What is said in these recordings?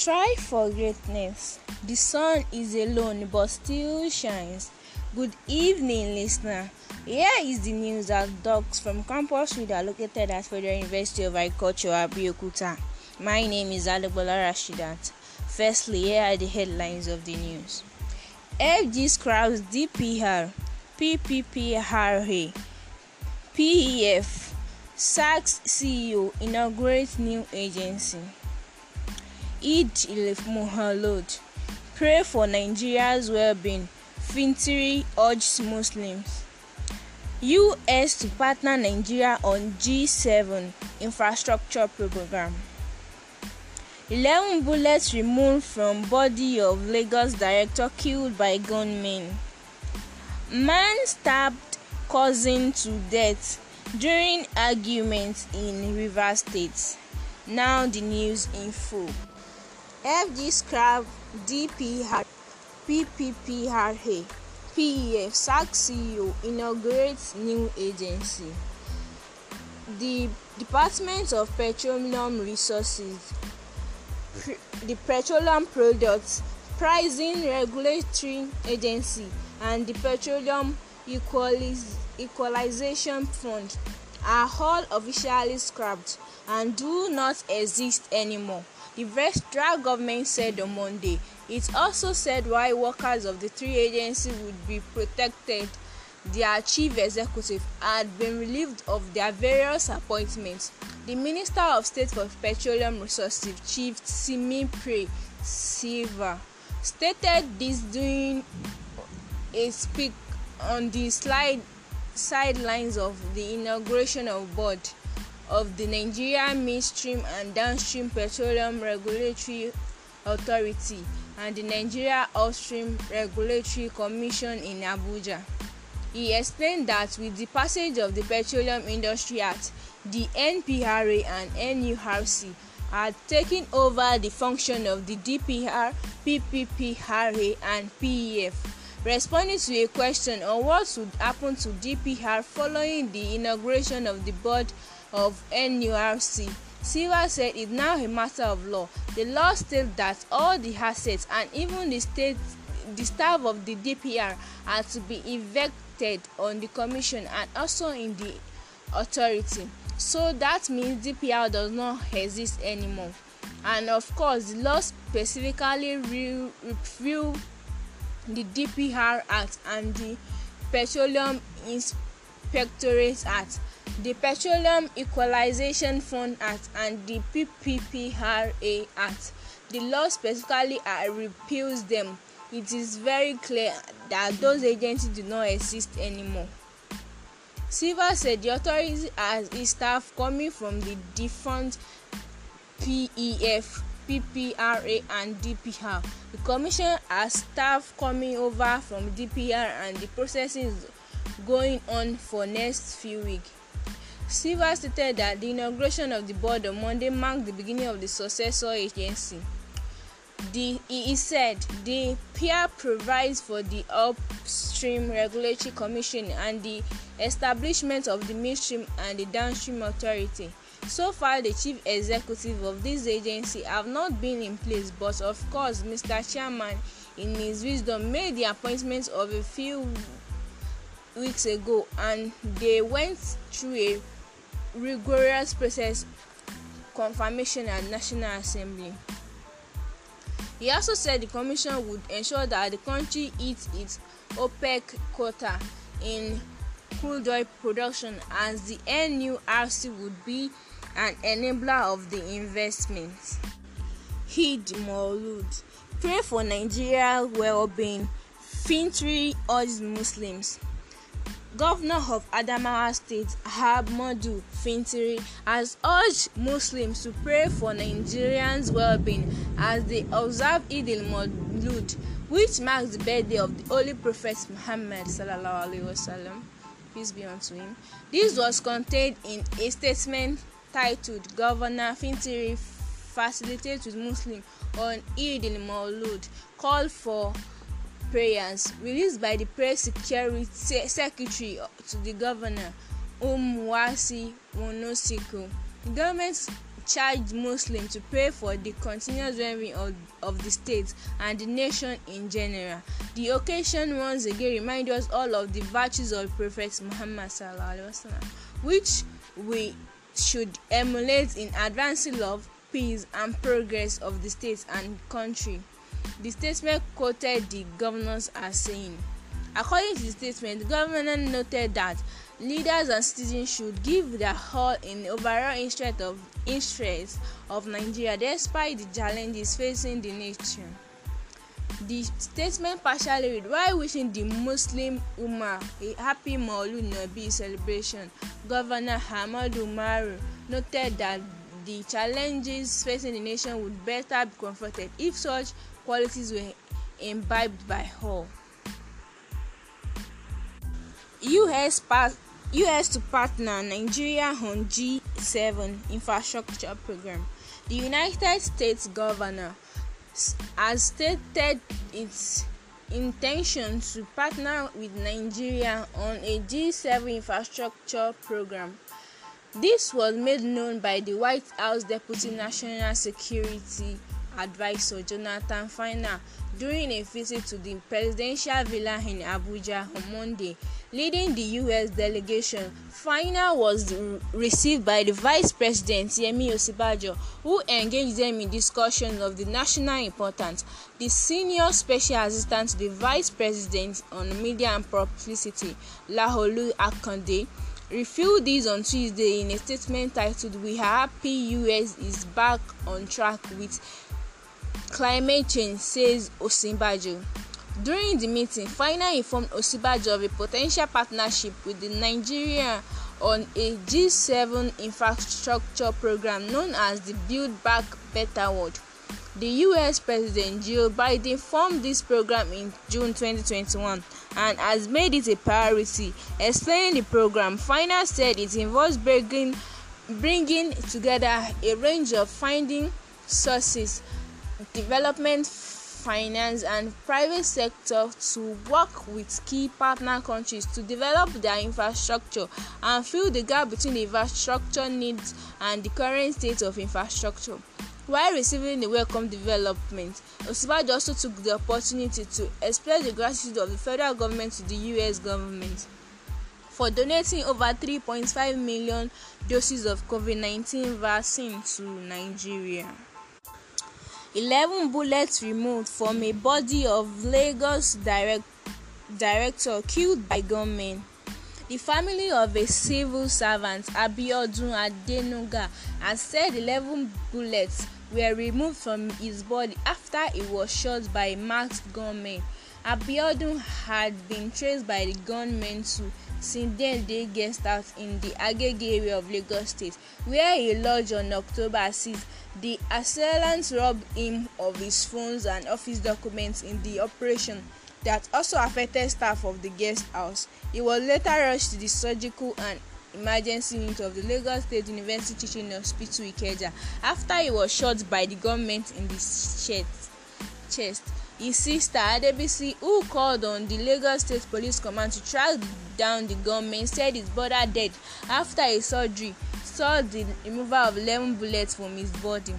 Strive for greatness. The sun is alone but still shines. Good evening, listener. Here is the news that dogs from campus read are located at Federal University of Agriculture, Abeokuta. My name is Alebola Rashidat. Firstly, here are the headlines of the news. FG scraps DPR, PPPRA, PEF, SACS CEO inaugurates new agency. Eid Ilif Muhalod, pray for Nigeria's well-being, Fintiri urges Muslims. U.S. to partner Nigeria on G7 infrastructure program. 11 bullets removed from body of Lagos director killed by gunmen. Man stabbed cousin to death during argument in Rivers State. Now the news in full. FG Scrap, DPR, PPPRA, PEF, SAC CEO inaugurates new agency. The Department of Petroleum Resources, the Petroleum Products Pricing Regulatory Agency, and the Petroleum Equaliz- Equalization Fund are all officially scrapped and do not exist anymore the Vestral government said on Monday. It also said why workers of the three agencies would be protected. Their chief executive had been relieved of their various appointments. The Minister of State for Petroleum Resources, Chief Simi Pre Silva, stated this during a speech on the slide, sidelines of the inauguration of board. of the Nigeria Midstream and Downstream Petroleum Regulatory Authority and the Nigeria Upstream Regulatory Commission in Abuja. He explained that with the passage of the Petroleum Industry Act, the NPRA and NURC are taking over the function of the DPR, PPPRA, and PEF. Responding to a question on what would happen to DPR following the inauguration of the board of NURC. Silva said it's now a matter of law. The law states that all the assets and even the state the staff of the DPR are to be evicted on the commission and also in the authority. So that means DPR does not exist anymore. And of course, the law specifically review the DPR Act and the Petroleum Inspectorate Act the Petroleum Equalization Fund Act and the PPPRA Act. The law specifically uh, repeals them. It is very clear that those agencies do not exist anymore. Silva said the authority has its staff coming from the different PEF, PPRA, and DPR. The commission has staff coming over from DPR and the process is going on for next few weeks. Silva stated that the inauguration of the board on Monday marked the beginning of the successor agency. The, he said the pair provides for the upstream regulatory commission and the establishment of the midstream and the downstream authority. So far, the chief executive of this agency have not been in place, but of course, Mr. Chairman, in his wisdom, made the appointment of a few weeks ago, and they went through a rigorous process confirmation at National Assembly. He also said the Commission would ensure that the country hits its OPEC quota in crude oil production as the NURC would be an enabler of the investment. Heed Maulud. Pray for Nigeria well-being. Fintri urges Muslims. Governor of Adamawa State, Ahmadu Fintiri, has urged Muslims to pray for Nigerians' well-being as they observe Eid al-Mawlud, which marks the birthday of the Holy Prophet Muhammad sallallahu alaihi wasallam. Peace be unto him. This was contained in a statement titled "Governor Fintiri Facilitates with Muslims on Eid al-Mawlud," called for prayers released by the press security secretary to the governor umuwasi wonosiku the government charged muslims to pray for the continuous well-being of, of the state and the nation in general the occasion once again reminds us all of the virtues of prophet muhammad sallallahu alaihi wasallam which we should emulate in advancing love peace and progress of the state and country The statement quoted the governors as saying. According to the statement, the governor noted that leaders and citizens should give their all in the overall interest of, interest of Nigeria despite the challenges facing the nation. The statement partially read While wishing the Muslim Umar a happy Maulud Nabi celebration, Governor Hamad Umaru noted that the challenges facing the nation would better be confronted if such qualities were imbibed by her. US, part, US to partner Nigeria on G7 infrastructure program. The United States governor has stated its intention to partner with Nigeria on a G7 infrastructure program. This was made known by the White House Deputy National Security advisor Jonathan Finer during a visit to the presidential villa in Abuja on Monday. Leading the US delegation, Finer was received by the Vice President Yemi Osinbajo, who engaged them in discussion of the national importance. The senior special assistant to the Vice President on Media and Publicity, Laholu Akande, revealed this on Tuesday in a statement titled "We Are Happy US is Back on Track with Climate change, says Osinbajo. During the meeting, Fina informed Osinbajo of a potential partnership with Nigeria on a G7 infrastructure program known as the Build Back Better World. The US President Joe Biden formed this program in June 2021 and has made it a priority. Explaining the program, Fina said it involves bringing, bringing together a range of funding sources development finance and private sector to work with key partner countries to develop their infrastructure and fill the gap between the infrastructure needs and the current state of infrastructure. While receiving the welcome development, Osinbajo also took the opportunity to express the gratitude of the federal government to the US government for donating over 3.5 million doses of COVID-19 vaccine to Nigeria. Eleven bullets removed from a body of Lagos direct, director killed by gunmen. The family of a civil servant, Abiodun Adenuga, has said 11 bullets were removed from his body after he was shot by masked gunmen. Abiodun had been traced by the gunmen to since then, dey guest house in di agege area of lagos state wia e lodge on october 6 di assailants rob him of his phones and office documents in di operation that also affected staff of di guest house e was later rushed to di surgical and emergency unit of the lagos state university teaching hospital ikeja after he was shot by the gunmen in the chest. chest. His sister Adebisi, who called on the Lagos State Police Command to track down the gunman, said his brother dead after a surgery saw the removal of 11 bullets from his body.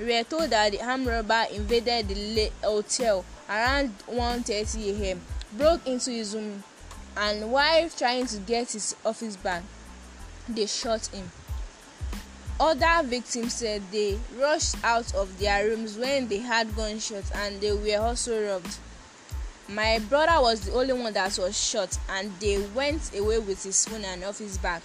We were told that the armed robber invaded the hotel around 1:30 a.m., broke into his room, and while trying to get his office back, they shot him. Other victims said they rushed out of their rooms when they heard gunshots and they were also robbed. My brother was the only one that was shot and they went away with his phone and office bag.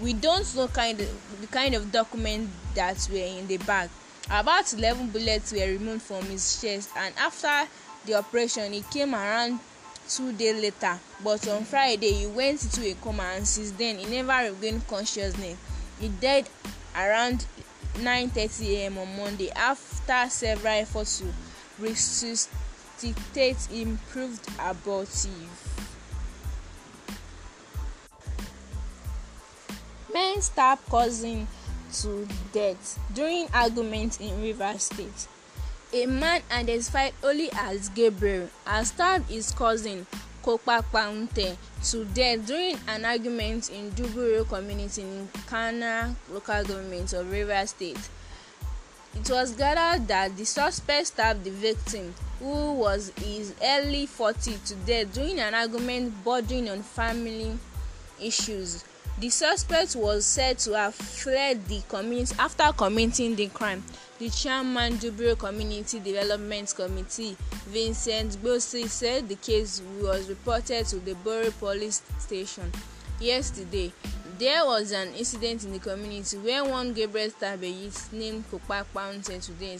We don't know kind of, the kind of document that were in the bag. About 11 bullets were removed from his chest and after the operation he came around two days later but on Friday he went into a coma and since then he never regained consciousness. He died around 9:30am on Monday after several efforts to resuscitate him proved abortive. Men stab cousin to death during argument in Rivers State. A man identified only as Gabriel has stabbed his cousin Kokapamteng today during an argument in Duburo community in Kana local government of Rivers State. It was gathered that the suspect stabbed the victim, who was his early 40s, to death during an argument bordering on family issues. The suspect was said to have fled the community after committing the crime. The chairman Dubro Community Development Committee, Vincent Gbosi, said the case was reported to the Borough Police Station yesterday. There was an incident in the community where one Gabriel Tabeyit named Kopa Mountain today.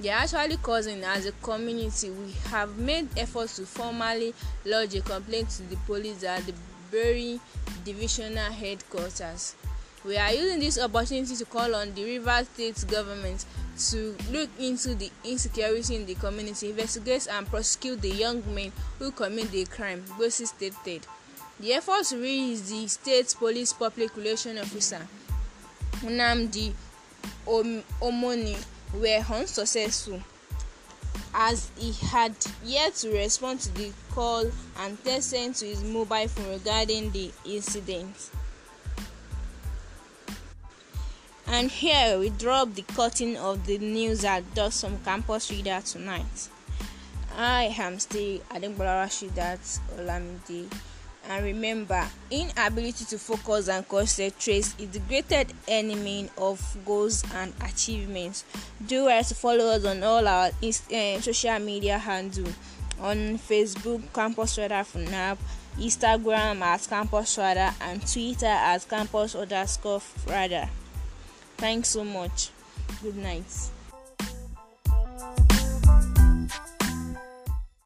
They are actually causing as a community. We have made efforts to formally lodge a complaint to the police that the Berry Divisional Headquarters. We are using this opportunity to call on the River State government to look into the insecurity in the community, investigate and prosecute the young men who commit the crime, Gosi stated. The effort to reach the state police public relations officer, Unamdi Omoni, were unsuccessful. as he had yet to respond to the call and text sent to his mobile phone regarding the incident. And here we drop the cutting of the news at does some campus reader tonight. I am still Adegbola Rashidat Olamide. And remember, inability to focus and concentrate is the greatest enemy of goals and achievements. Do as to follow us on all our uh, social media handles on Facebook, Campus Radar now; Instagram at Campus Radar, and Twitter at Campus underscore Radar. Thanks so much. Good night.